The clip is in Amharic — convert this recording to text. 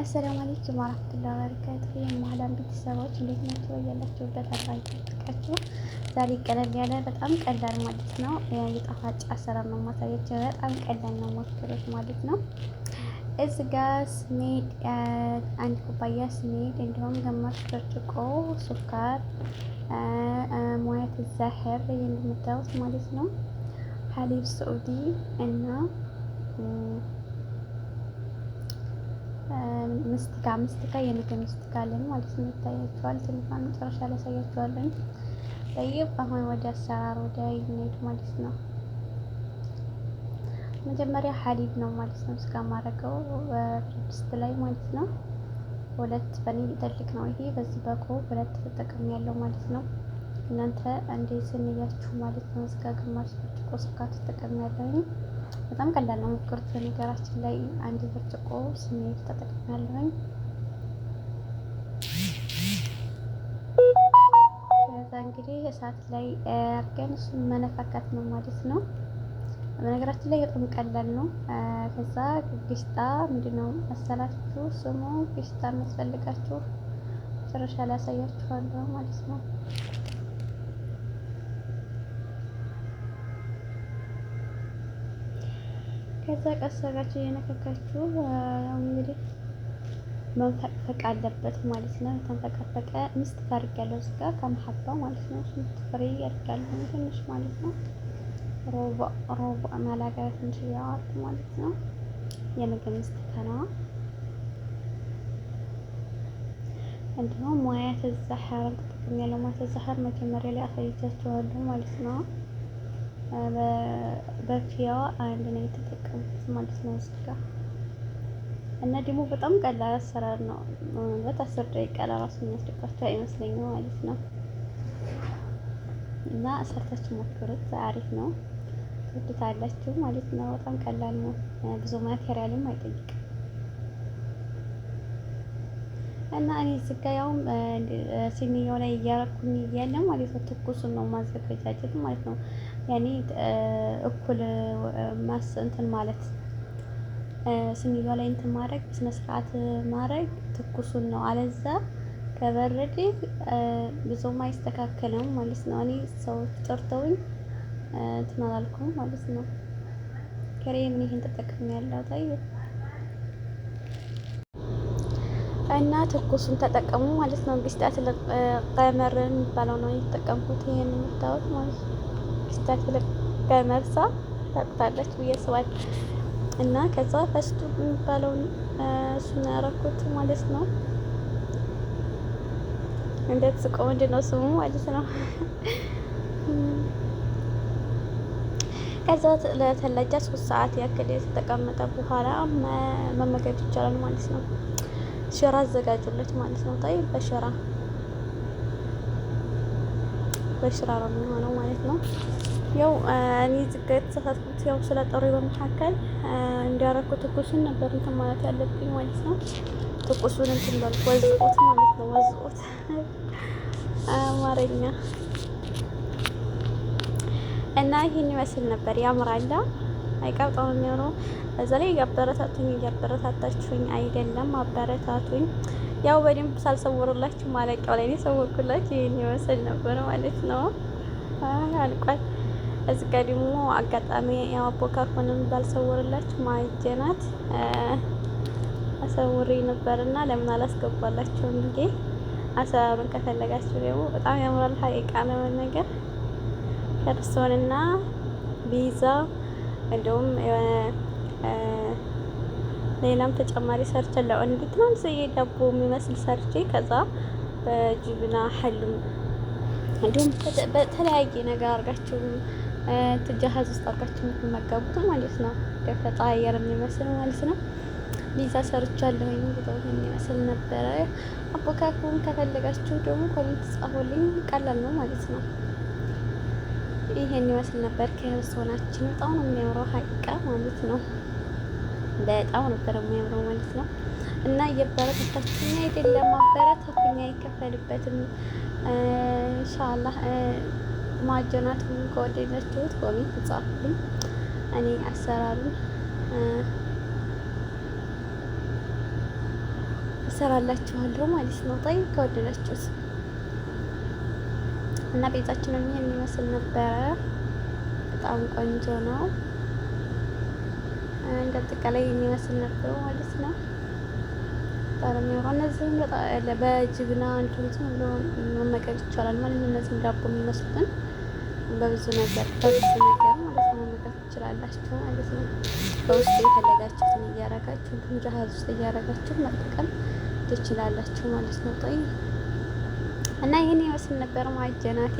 አሰላሙ አለይኩም ወራህመቱላሂ ወበረካቱሁ። የማህላን ቤተሰቦች እንዴት ናቸው? ያላችሁበት አላህ ዛሬ ቀለል ያለ በጣም ቀላል ማለት ነው የጣፋጭ አሰራር ነው ማሳያቸው። በጣም ቀላል ነው ሞክሩት ማለት ነው። እዚህ ጋር ስሜድ አንድ ኩባያ ስሜድ፣ እንዲሁም ግማሽ ብርጭቆ ሱካር ሙያት ዛህር እንደምታዩት ማለት ነው ሀሊብ ስዑዲ እና ምስትጋ ምስትጋ የምግብ ምስትጋ አለን ማለት ነው። ይታያቸዋል። ትልፋ መጨረሻ ላይ ያሳያቸዋለን። ጠይብ አሁን ወደ አሰራር ወደ ይሄዱ ማለት ነው። መጀመሪያ ሀሊብ ነው ማለት ነው። ስጋ ማረገው ድስት ላይ ማለት ነው። ሁለት በኔ ይጠልቅ ነው ይሄ በዚህ በኮ ሁለት ተጠቅም ያለው ማለት ነው። እናንተ እንዴት ስንያችሁ ማለት ነው። ስጋ ግማሽ ብርጭቆ ስጋ ተጠቅም ያለው በጣም ቀላል ነው የምትቆርጥ። በነገራችን ላይ አንድ ብርጭቆ ስሜት ተጠቅማለሁኝ። ከዛ እንግዲህ እሳት ላይ አርገን እሱን መነፋካት ነው ማለት ነው። በነገራችን ላይ በጣም ቀላል ነው። ከዛ ግስጣ ምንድነው መሰላችሁ ስሙ? ግስጣ የሚያስፈልጋችሁ መጨረሻ ላይ ያሳያችኋለሁ ማለት ነው። ከዛ ቀስ እየነከካችሁ እንግዲህ መፈቅፈቅ አለበት ማለት ነው። ተንፈቀፈቀ ሚስት ፈርግ ያለው ስጋ ከመሀባ ማለት ነው። ሽንት ፍሬ አድርጊያለሁ ትንሽ ማለት ነው። ሮባ ሮባ ማላጋ ትንሽ ያዋት ማለት ነው። የምግብ ሚስት ከነዋ እንዲሁም ሙያተ ዛህር ጥቅም ያለው ሙያተ ዛህር መጀመሪያ ላይ አሳይቻችኋለሁ ማለት ነው። በፊያዋ አንድ ነው የተጠቀምኩት ማለት ነው እዚህ ጋር እና ደግሞ በጣም ቀላል አሰራር ነው። ምናልባት አስር ደቂቃ ለራሱ የሚያስደባቸው አይመስለኝም ማለት ነው። እና ሰርታችሁ ሞክሩት፣ አሪፍ ነው፣ ትወዱታላችሁ ማለት ነው። በጣም ቀላል ነው፣ ብዙ ማቴሪያልም አይጠይቅም። እና እኔ እዚህ ጋር ያው ሲኒያው ላይ እያረኩኝ እያለ ማለት ነው ትኩሱን ነው ማዘጋጃጀት ማለት ነው። ያኔ እኩል ማስ እንትን ማለት ስኒዷ ላይ እንትን ማድረግ በስነ ስርዓት ማድረግ ትኩሱን ነው። አለዛ ከበረዴ ብዙም አይስተካከልም ማለት ነው። እኔ ሰዎች ጠርተውኝ እንትን አላልኩም ማለት ነው። ከሬም ይሄን ተጠቅሜ ያለው ታይ እና ትኩሱን ተጠቀሙ ማለት ነው። ግስጣት ቀመር የሚባለው ነው የተጠቀምኩት ይሄን የምታዩት ማለት ነው። ልጅታችን ገመርሳ ታቁታለች ብዬ አስባለሁ። እና ከዛ ፈስቱ የሚባለውን እሱን ያረኩት ማለት ነው። እንዴት ስቆ ምንድን ነው ስሙ ማለት ነው። ከዛ ለተለጃ ሶስት ሰዓት ያክል የተቀመጠ በኋላ መመገብ ይቻላል ማለት ነው። ሽራ አዘጋጁለት ማለት ነው። ታይ በሽራ አስቸጋሪ ስራ ነው የሚሆነው ማለት ነው። ያው እኔ ዝጋ የተሳሳትኩት ያው ስለ ጥሬ በመካከል እንዲያረኩ ትኩሱን ነበር እንትን ማለት ያለብኝ ማለት ነው። ትኩሱን እንትን በል ወዝቆት ማለት ነው። ወዝቆት አማርኛ እና ይህን ይመስል ነበር። ያምራላ አይቀብጠው የሚሆነው እዛ ላይ አበረታቱኝ። እያበረታታችሁኝ አይደለም አበረታቱኝ። ያው በደንብ ሳልሰውርላችሁ ማለቂያው ላይ ነው የሰወርኩላችሁ። ይህን ይመስል ነበር ማለት ነው። አልቋል። እዚህ ጋር ደግሞ አጋጣሚ ያው አቦካኮንም ባልሰውርላችሁ ማጀናት አሰውሬ ነበርና ለምን አላስገባላችሁም እንዴ? አሰራሩን ከፈለጋችሁ ደግሞ በጣም ያምራል። ሀቂቃ ነው ነገር ከርሶንና ቢዛ እንደውም ሌላም ተጨማሪ ሰርች አለው እንዴት ነው ዳቦ የሚመስል ሰርቼ ከዛ በጅብና ሐልም እንዲሁም በተለያየ ነገር አርጋችሁ ትጃሃዝ ውስጥ አድርጋችሁ የምትመገቡት ማለት ነው። ደፈጣ አየር የሚመስል ማለት ነው። ፒዛ ሰርቻለሁ እንግዲህ የሚመስል ነበረ። አቦካኩን ከፈለጋችሁ ደግሞ ኮሜንት ጻፉልኝ። ቀላል ነው ማለት ነው። ይሄን ይመስል ነበር። ከህብስ ሆናችን በጣም ነው የሚያምረው ሀቂቃ ማለት ነው። በጣም ነበረ የሚያምረው ማለት ነው። እና እየበረታታችሁኝ አይደለም፣ አበረታቱኝ፣ አይከፈልበትም። ኢንሻአላህ ማጀናት ከወደዳችሁት ኮሜንት ጻፉልኝ። እኔ አሰራሩን እሰራላችኋለሁ ማለት ነው። ታይ ከወደዳችሁት እና ቤታችንን ይሄን ይመስል ነበረ። በጣም ቆንጆ ነው። እንደ አጠቃላይ የሚመስል ነበሩ ማለት ነው። በጣም ያው እነዚህም በጅብና እንዲሁም ብሎ መመገብ ይቻላል ማለት ነው። እነዚህም ዳቦ የሚመስሉትን በብዙ ነገር በብዙ ነገር ማለት ነው መመገብ ትችላላችሁ ማለት ነው። በውስጥ የፈለጋችሁትን እያረጋችሁ እንዲሁም ጃሀዝ ውስጥ እያረጋችሁ መጠቀም ትችላላችሁ ማለት ነው። ጠይ እና ይህን ይመስል ነበር ማጀናቴ